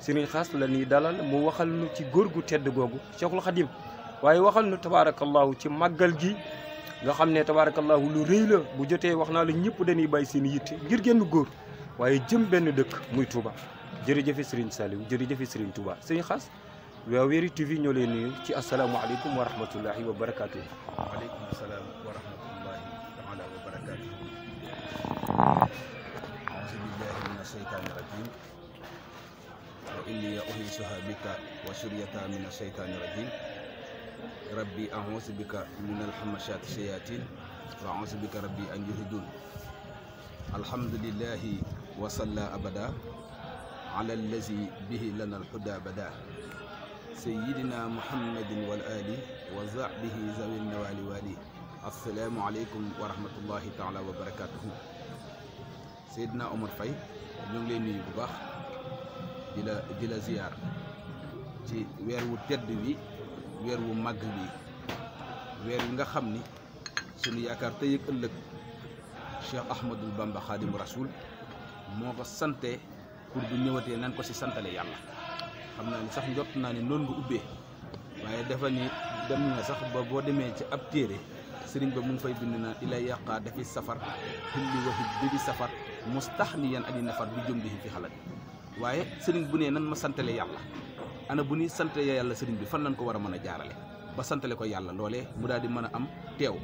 sëriñ xas la ñuy dalal mu waxal nu ci góor gu tedd googu Cheikhul Khadim waaye waxal nu tabaarakallahu ci màggal gi nga xam ne tabaarakallahu lu rëy la bu jotee wax naa la ñëpp dañuy bàyyi seen yitte ngir génn góor waaye jëm benn dëkk muy tuuba Touba jërëjëfe sëriñ jër jërëjëfe sëriñ Touba sëriñ xaas waaw Wéri TV ñoo leen ci asalaamaaleykum aleykum rahmatullahi wa barakaatu. waaleykum salaam wa rahmatullahi taala wa barakaatu. وإني أهيسها بك وشريتها من الشيطان الرجيم ربي أعوذ بك من الحمشات الشياطين وأعوذ بك ربي أن يهدون الحمد لله وصلى أبدا على الذي به لنا الحدى بدا سيدنا محمد والآل وزعبه ذوي النوال والي السلام عليكم ورحمة الله تعالى وبركاته سيدنا عمر فاي ñu ngi lay dila dila ziar ci wer wu tedd wi wer wu mag bi weer wi nga xamni ni sunu yaakaar ak ëlëk Cheikh Ahmadou Bamba Khadim Rasoul moko santé pour bu ñëwatee nan ko ci santalé yalla xamna ni sax njott na ni non nga ubbé waye dafa ni dem nga sax ba bo démé ci ab téré sëriñ ba mu fay bind na ila yaqa dafi safar xilli waxit bi safar mustahniyan ali nafar bi jëm di fi xalat waaye sëriñ bu nee nan ma santale yàlla ana bu ni santale yàlla sëriñ bi fan lañ ko war a mën a jaarale ba santale ko yàlla loolee mu daal di mën a am teew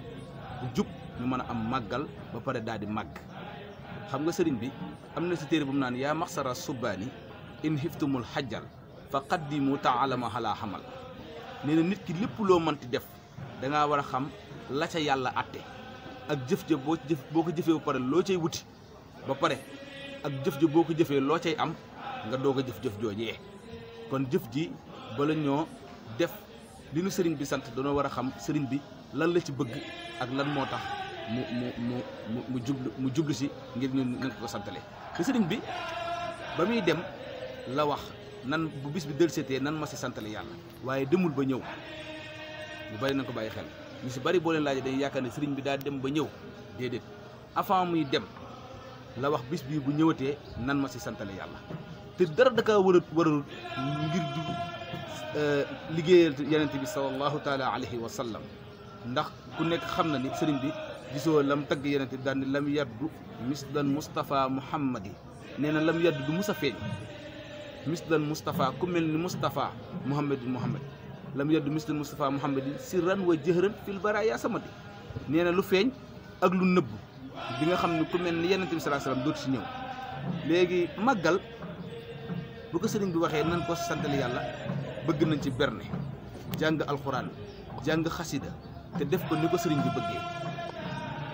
bu jub ñu mën a am màggal ba pare daal di màgg xam nga sëriñ bi am na si téere bu mu naan yaa maxsara subbaani in xiftumul xajjal fa qaddimu taalama xalaa xamal nee na nit ki lépp loo mënti def da war a xam la ca yàlla atte ak jëf ja boo ko jëfee ba pare loo cay wuti ba pare ak jëf ja boo ko jëfee loo cay am nga doga jëf jëf jojé kon jëf ji la ñoo def li ñu sëriñ bi sant dañoo no wara xam sëriñ bi lan la ci bëgg ak lan mo tax mu mu mu mu jublu mu jublu si ngir ñu nang ko santalé ci sëriñ bi ba muy dem la wax nan bu bis bi sété nan ma ci santalé yalla waaye demul ba ñëw bu bari nang ko bàyyi xel ñu ci bari bo leen laaj yakane sëriñ bi da dem ba ñëw déedéet avant muy dem la wax bis bi bu ñëwatee nan ma ci santalé yalla te dara dakaa war a ngir jug eh, liggéeyal yonent bi sallallahu taala alayhi wa sallam ndax ku nekk xam na ni sëriñ bi gisoo lam tagg yonent bi daal ni lam yaddu misdan Moustapha Muhammadi nee na lam yaddu du mus a feeñ misdan Moustapha ku mel ni Moustapha Muhammadin Muhammad lam yaddu misdan Moustapha Muhammadi sirran wa jëhran fil baraya samadi nee na lu feeñ ak lu nëbb bi nga xam ne ku mel ni yonent bi sallallahu alayhi dootu si ñëw léegi màggal bu ko serigne bi waxe nan ko santal yalla bëgg nañ ci berne jang alxuraan jang xasida te def ko ni ko sëriñ bi bëggee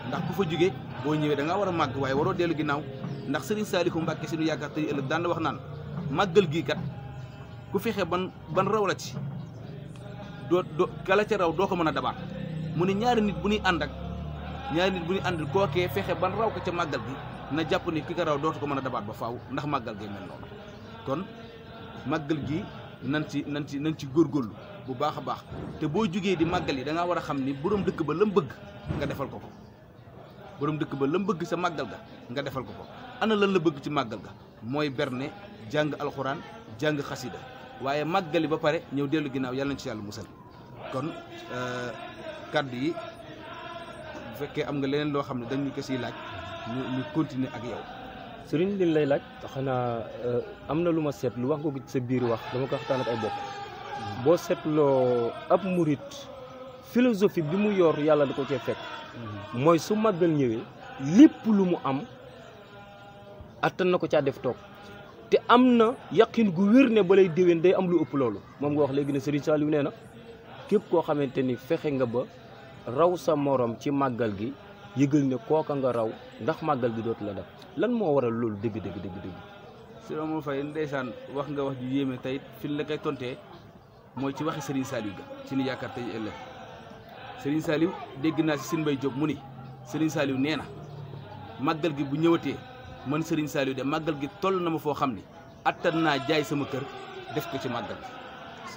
ndax ku fa jógee bo ñëwé da nga wara mag way waro waroo dellu ndax serigne Saalihu mbacké sinu yaaka tay ëlëk daan wax nan magal gi kat ku fexé ban ban raw la ci do do kala ci raw do ko mëna a mu ni ñaari nit bu ni ànd ak ñaari nit bu and ko ké fexé ban raw ko ci magal gi na japp ni ki ka raw do ko mëna a ba faaw ndax magal gi mel noonu kon màggal gi nan ci nan ci nan ci góorgóorlu bu baax a baax te boo jógee di màggal yi da ngaa war a xam ni borom dëkk ba lam bëgg nga defal ko ko borom dëkk ba lam bëgg sa màggal ga nga defal ko ko ana lan la bëgg ci màggal ga mooy berne jàng alxuraan jàng xasida waaye màggali ba pare ñëw dellu ginnaaw yàlla na ci yàlla musal kon euh, kàdd yi bu fekkee am nga leneen loo xam ne dañu ko siy laaj ñu ñu continuer ak yow sëriñ liñ lay laaj xanaa eh, am na lu ma seetlu wax nga sa biir wax dama ko waxtaan ak ay bopp boo seetloo ab murit philosophie bi mu yor yàlla da ko cee fekk mooy su màggal ñëwee lépp lu mu am attan na ko caa def toog te am na yaqin gu wér ne balay déwén day am lu ëpp loolu moom nga wax léegi ne Serigne Saliou nee na képp koo xamante ni fexe nga ba raw sa morom ci màggal gi yëgal ne kooka nga raw ndax màggal gi dootu la def lan moo waral loolu dégg dëgg dëgg dëgg. si Amadou Faye ndeysaan wax nga wax ju yéeme tey fi la koy tontee mooy ci waxi Serigne Saliou ga ci ni yaakaar tey ëllëg Serigne Saliou dégg naa si Sine job mu ni Serigne Saliou nee na màggal gi bu ñëwatee mën sëriñ Saliou de màggal gi toll na ma foo xam ni attan naa jaay sama kër def ko ci màggal gi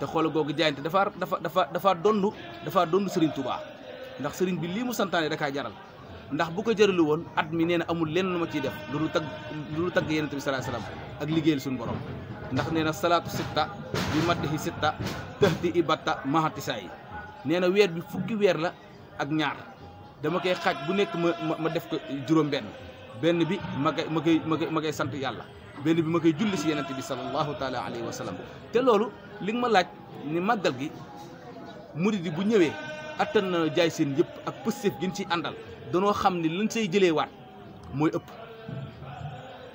te xoolal googu jaayante dafa dafa dafa dafa dondu dafaa dondu Serigne Touba. ndax sering bi lii mu santaane da ka jaral ndax bu ko jeralu won at mi neena amul len luma ci def lulu tag lulu tag tagg yonent bi salaa salaam ak liggéeyal sun borom ndax neena salatu salaatu sitta bi maddihi sitta tahdi ibatta mahati say neena na bi fukki weer la ak ñaar dama kay xaj bu nek ma ma def ko jurom ben ben bi ma koy ma koy ma ben bi ma julli ci sallallahu taala alayhi wasallam te lolu ling ma laaj ni magal gi murid bu ñewé attan na jaay seen yëpp ak positif gi ci àndal danoo xam ni lañ say jëlee waat mooy ëpp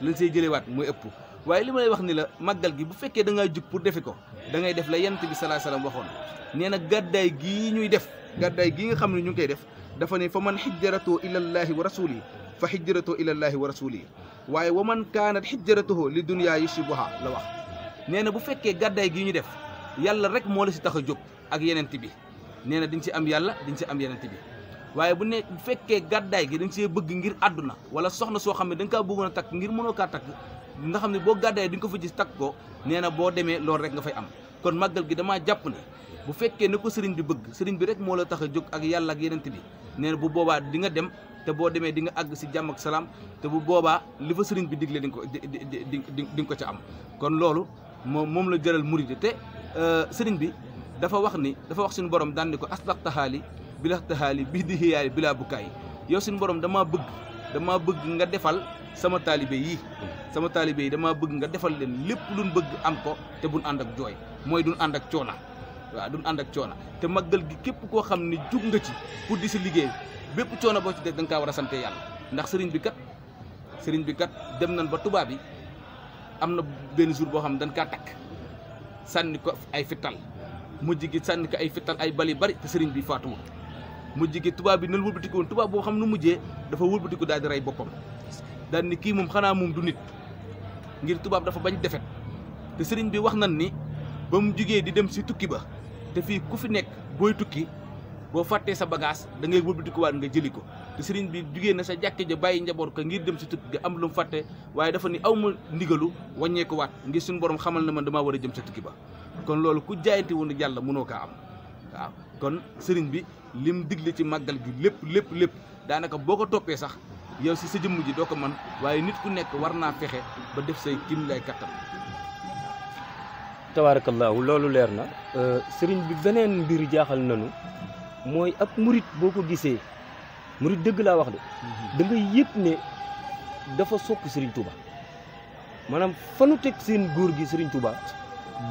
lañ sey jëlee mooy ëpp waaye li ma wax ni la màggal gi bu fekkee da ngaa jug pour defi ko da def la yant bi salaa salaam waxoon nee na gàddaay gi ñuy def gàddaay gi nga xam ne ñu ngi koy def dafa ne fa man xijjaratoo ilallaahi wa rasuli fa xijjaratoo ilallaahi wa rasuli waaye wa man kaanat xijjaratuhu li dunya yusibuha la wax nee na bu fekkee gàddaay gii ñu def yàlla rek moo la si tax a jóg ak yenent bi nee na di ci am yalla di ci am yenente bi waye bu ne fekke gaday gi da ci bëgg ngir aduna wala soxna so xamne ne ka nga tak ngir mëno ka tak nga xamne bo gaday fa gis tak ko bo démé lool rek nga fay am kon magal gi dama japp ne bu fekke ne ko serigne bi bëgg serigne bi rek mo la tax ak yalla ak yenente bi bu boba di nga dem te bo démé di nga salam, ci jamm ak salam te bu dengko li fa serigne bi di nga ko di ko ci am kon loolu mom la jëral murid te euh, serigne bi dafa wax ni dafa wax suñu borom dan ni ko aslak taxaali bila taxaali bi di bila bukai. yow suñu borom dama bëgg dama bëgg nga defal sama talibé yi sama talibé yi dama bëgg nga defal len lepp luñ bëgg am ko te buñ andak ak jooy mooy duñ ànd ak coona waaw duñ ànd ak coona te màggal gi kep ko xamni jug nga ci pour di ci liggéey bëpp ciona bo ci def dang ka wara santé yalla ndax sëriñ bi kat sëriñ bi kat dem nañ ba tuba bi amna ben jour bo xam dañ ka tak sanni ko ay mujj gi sànni ko ay fittal ay bali bari te sëriñ bi faatuwul mujj gi tubaab bi nan wëlbatiku woon tubaab boo xam nu mujjee dafa wëlbatiku daal di rey boppam daal ni kii moom xanaa moom du nit ngir tubaab dafa bañ defet te sëriñ bi wax nan ni ba mu jugee di dem si tukki ba te fii ku fi nekk booy tukki boo fàttee sa bagage da ngay wëlbatikuwaat nga jëli ko te sëriñ bi jugee na sa jàkke ja bàyyi njaboot ko ngir dem si tukki ga am lu mu fàtte waaye dafa ni aw ma ndigalu wàññeekuwaat ngir suñu borom xamal na man damaa war a jëm sa tukki ba kon loolu ku jaayante wunu yàlla mënoo kaa am waaw kon sëriñ bi lim digle ci màggal gi lépp lépp lépp daanaka boo ko toppee sax yow si sa jëmm ji doo ko man waaye nit ku nekk war naa fexe ba def say kim lay kattan. tabaarakallaahu loolu leer na euh, sëriñ bi beneen mbir jaaxal nanu mooy ab murit boo ko gisee murit dëgg laa wax de mhm. da nga ne dafa sopp sëriñ Touba maanaam fanu teg seen góor gi sëriñ Touba.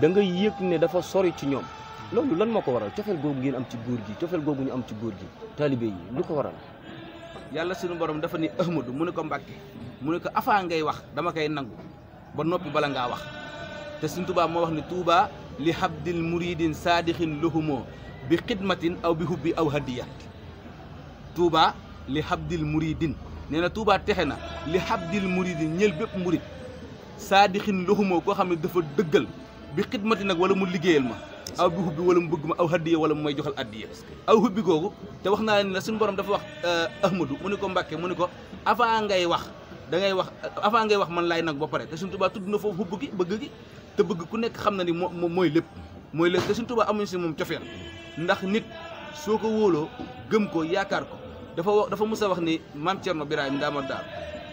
da nga yëg ne dafa sori ci ñoom loolu lan ma ko waral cofeel googu ngeen am ci góor gi cofeel googu ñu am ci góor gi taalibe yi lu ko waral yàlla suñu borom dafa ni ahmadu mu ne ko mbàkke mu ne ko afaa ngay wax dama koy nangu ba noppi bala ngaa wax te suñ tubaa moo wax ne tuubaa li habdil muridin saadixin lohumoo bi xidmatin aw bi hubbi aw hadiya tuubaa li habdil muridin nee na tuubaa texe na li habdil muridin ñël bépp murid saadixin lohumoo koo xam ne dafa dëggal bi xidmati nag wala mu liggéeyal ma aw bi hubbi wala mu bëgg ma aw haddiya wala mu may joxal addiya aw hubbi googu te wax naa leen ne suñu borom dafa wax eh, ahmadou mu ni ko mbàkke mu ni ko avant ngay wax da ngay wax avant ngay wax man laay nag ba pare te suñu tubaa tudd na foofu hubbu gi bëgg gi te bëgg ku nekk xam na ni moo mooy lépp mooy lépp te suñu tubaa amuñ si moom cofeel ndax nit soo ko wóoloo gëm ko yaakaar ko dafa wax dafa mës a wax ni maam Cerno Birahim Ndaamar Daar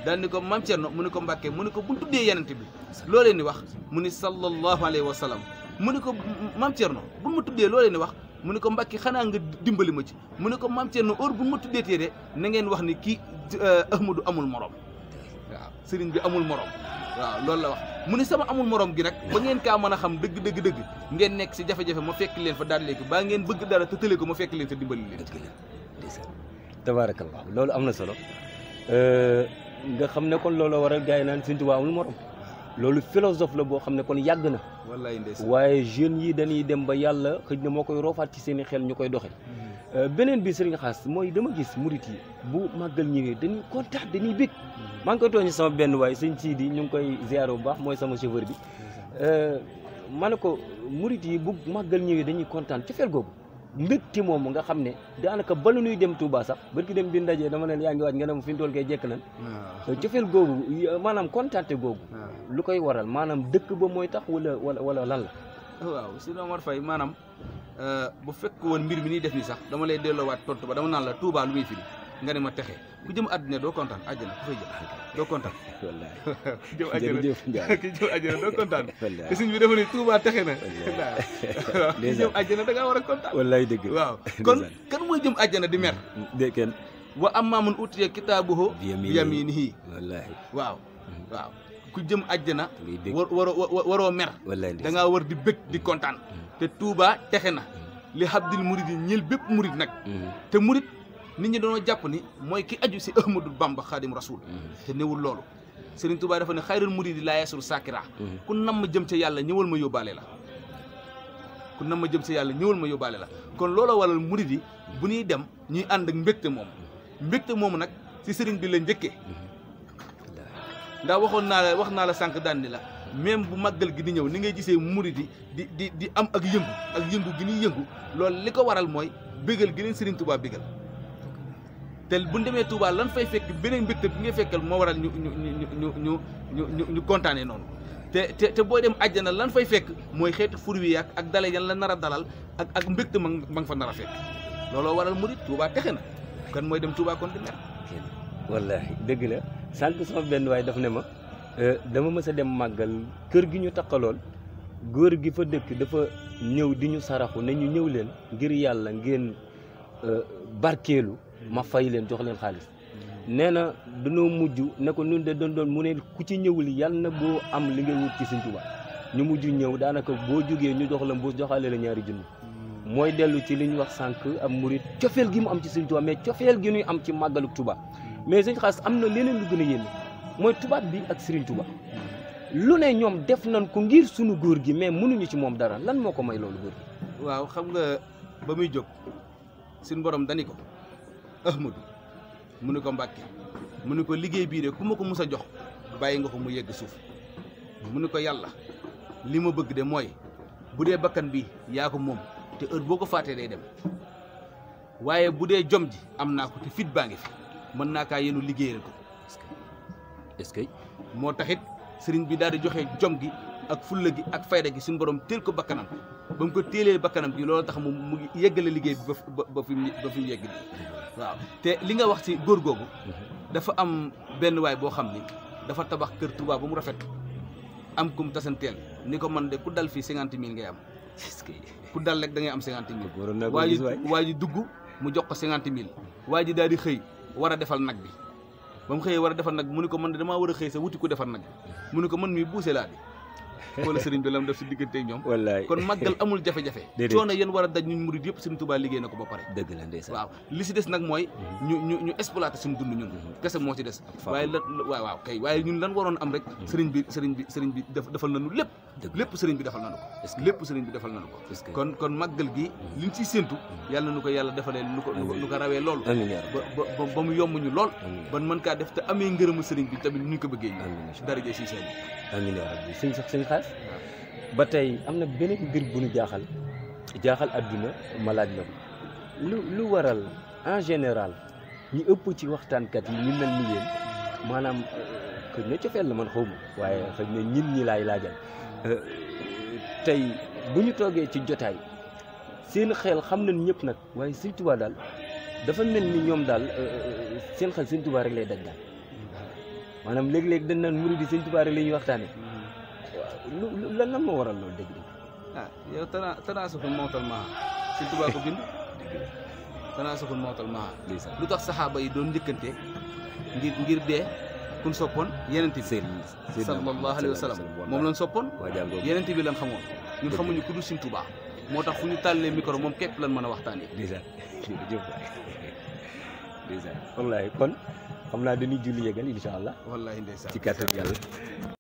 daal ni ko maam Cerno mu ni ko Mbàkke mu ni ko bu tuddee yenente bi loo leen di wax mu ni sallallahu alayhi wa sallam mu ni ko maam Cerno bu ma tuddee loo leen di wax mu ni ko Mbàkke xanaa nga dimbali ma ci mu ni ko maam Cerno heure bu ma tuddee tee de na ngeen wax ni kii euh, Ahmadu amul morom waaw sëriñ bi amul morom waaw loolu la wax mu ni sama amul moroom gi nag ba ngeen kaa mën a xam dëgg dëgg dëgg ngeen nekk si jafe-jafe ma fekk leen fa daal léegi baa ngeen bëgg dara te tële ko ma fekk leen te dimbali leen tabaarakallah loolu am na solo euh, nga xam ne kon loolu war a yi naan Sëñ waaw amul morom loolu philosophe la boo xam ne kon yàgg na waaye jeunes yi dañuy dem ba yàlla xëj na moo koy roofaat ci seen i xel ñu koy doxe mm-hmm. euh, beneen bi sëriñ xas mooy dama gis murit yi bu màggal ñëwee dañuy kontaan dañuy bég mm-hmm. maa ngi koy tooñ sama benn waay sëñ Sidi ñu ngi koy ziaro bu baax mooy sama chauffeur bi euh, ma ne ko murit yi bu màggal ñëwee dañuy kontaan ci fel googu ti moomu nga xam ne daanaka balu nuy dem Touba sax barki dem bi ndajee dama leen yaa ngi waaj nga dem fi ñu toll koy jekk nañ googu maanaam kontaante googu lu koy waral maanaam dëkk ba mooy tax wala wala wala lan la waaw si Omar fay maanaam euh, bu fekk woon mbir mi ni def ni sax dama lay delloowaat tontu ba dama naan la Touba lu muy firi nga ne ma texe ku jëm àddina doo kontaan àjjana ku fay jëm doo kontaan wallahi jëm àjjana ku jëm àjjana doo kontaan te sëñ bi dafa ne tuuba texe na waaw ku jëm àjjana da ngaa war a kontaan wallahi dëgg waaw nah. kon kan mooy jëm àjjana di mer hmm, de kenn wa amma man utiya kitaabuhu yaminihi wallahi waaw hmm. waaw ku jëm àjjana Waro waroo mer da ngaa war di bëgg di kontaan hmm. te tuuba texe na li habdil murid yi ñël bépp murid nag te murid nit ñi dañoo jàpp ni mooy ki aju si Ahmadou Bamba Xaadim Rasoul mm-hmm. te newul loolu Sëriñ Tuubaa dafa ne xayrul muridi laa yasul saakira mm-hmm. ku nam ma jëm ca yàlla ñëwal ma yóbbaale la ma jëm ca yàlla ñëwal ma yóbbaale la kon loola waral murid yi bu ñuy dem ñuy ànd ak mbégte moom mbégte moomu nag si sëriñ bi la njëkkee mm-hmm. ndax waxoon naa la wax naa la sànq daan la même bu màggal gi di ñëw ni ngay gisee murid yi di di di am ak yëngu ak yëngu gi ñuy yëngu lool li ko waral mooy bégal gi leen Sëriñ Tuubaa te bu ñu demee Touba lan fay fekk beneen mbégte bi ngay fekkal moo waral ñu ñu ñu ñu ñu ñu ñu kontaanee noonu. te te te booy dem àjjana lan fay fekk mooy xeetu fur wi ak ak dale yan la nar a dalal ak ak mbégte ma ma nga fa nar a fekk looloo waral murit tuubaa texe na kan mooy dem Touba kon di mer. wallaahi dëgg la sànq sama benn waaye daf ne ma euh, dama mës a dem màggal kër gi ñu taqalool góor gi fa dëkk dafa ñëw di ñu saraxu ne ñu ñëw leen ngir yàlla ngeen euh, barkeelu. ma fay leen jox leen xaalis nee na dañoo mujj ne ko ñun de doon doon mu ne ku ci ñëwul yal na boo am li ngay wut ci Sëñ ñu mujj ñëw daanaka boo jógee ñu jox la mbuus joxaale ñaari junni mm. mooy dellu ci li ñu wax sànq am murit cofeel gi mu am ci Sëñ Tuubaa mais cofeel gi ñuy am ci màggalu tuba mm. mais Sëñ Xaas am na leneen lu gën a yéeme mooy tubaab bi ak Sëriñ Tuubaa mm. lu ne ñoom def nañ ko ngir sunu góor gi mais mënuñu ci moom dara lan moo ko may loolu góor gi waaw xam nga ba muy jóg suñu borom dani ko Ahmadou mu ne ko Mbàkke mu ne ko liggéey bii de ku ma ko mus a jox bàyyi nga ko mu yegg suuf mu ne ko yàlla li ma bëgg de mooy bu dee bakkan bi yaa ko moom te heure boo ko fàttee day dem waaye bu dee jom ji am naa ko te fit baa ngi fi mën naa kaa yenu liggéeyal ko est-ce que moo taxit sëriñ bi daal di joxe jom gi ak fulla gi ak fayda gi suñu borom teel ko bakkanam ba mu ko téelee bakkanam ji loolu tax mu mu yeggale liggéey bi ba ba fi mu ba fi yegg nii waaw te li nga wax ci góor googu dafa am benn waay boo xam ni dafa tabax kër Touba ba mu rafet am kum tasanteel ni ko man de ku dal fii cinquante mille ngay am ku dal rek da ngay am cinquante mille waa ji waa ji dugg mu jox ko cinquante mille waa ji daal di xëy war a defal nag bi ba mu xëyee war a defal nag mu ne ko man de damaa war a xëy sa wuti ku defar nag mu ne ko man mii buuse laa bi wala sëriñ bi lam def si diggante ak ñoom wallaay kon màggal amul jafe-jafe coono yéen war a daj ñun murid yëpp sëriñ Touba liggéey na ko ba pare waaw li si des nag mooy mhm. ñu ñu ñu suñu dund ñun mhm. kese sëriñ mhm. bi sëriñ bi sëriñ lépp lépp sëriñ bi defal nañu ko lépp sëriñ bi defal nañu ko kon màggal gi liñ ciy séentu yàlla nu ko yàlla defalee nu ko nu ko rawee loolu ba ba mu yomb ñu lool ban mën kaa def te amee ngërëmu sëriñ bi tamit ñu ko bëggee ñu darëjee si xaas ba tey am na beneen mbir bu nu jaaxal jaaxal adduna ma laaj la ko lu waral en général ñi ëpp ci waxtaankat yi ñu mel ni yéen maanaam xëy euh, na cofeel la man xaw waaye xëy na ñin ñi laay laajal euh, tey bu ñu toogee ci jotaay seen xel xam nañ ñëpp nag waaye Sëñ daal dafa mel ni ñoom daal euh, seen xel Sëñ rek lay daj daal maanaam léeg-léeg dañ naan murid yi Sëñ Tuubaa rek la ñuy waxtaanee lu lan lan moo waral loolu dégg nga. ah yow tana tanaasuful mawtal maa si tubaab ko bind. lu tax saxaaba yi doon njëkkante ngir ngir dee. kun soppoon yenent bi sallallahu alayhi wa sallam moom lañ soppoon yenent bi lañ xamoon ñun xamuñu ku dul Sëñ Tuubaa moo tax fu ñu tàllee micro moom képp lañ mën a waxtaanee dèjà jërëjëf dèjà wallaahi kon xam naa dañuy julli yëgal incha allah wallaahi ndeysaan ci kàttan yàlla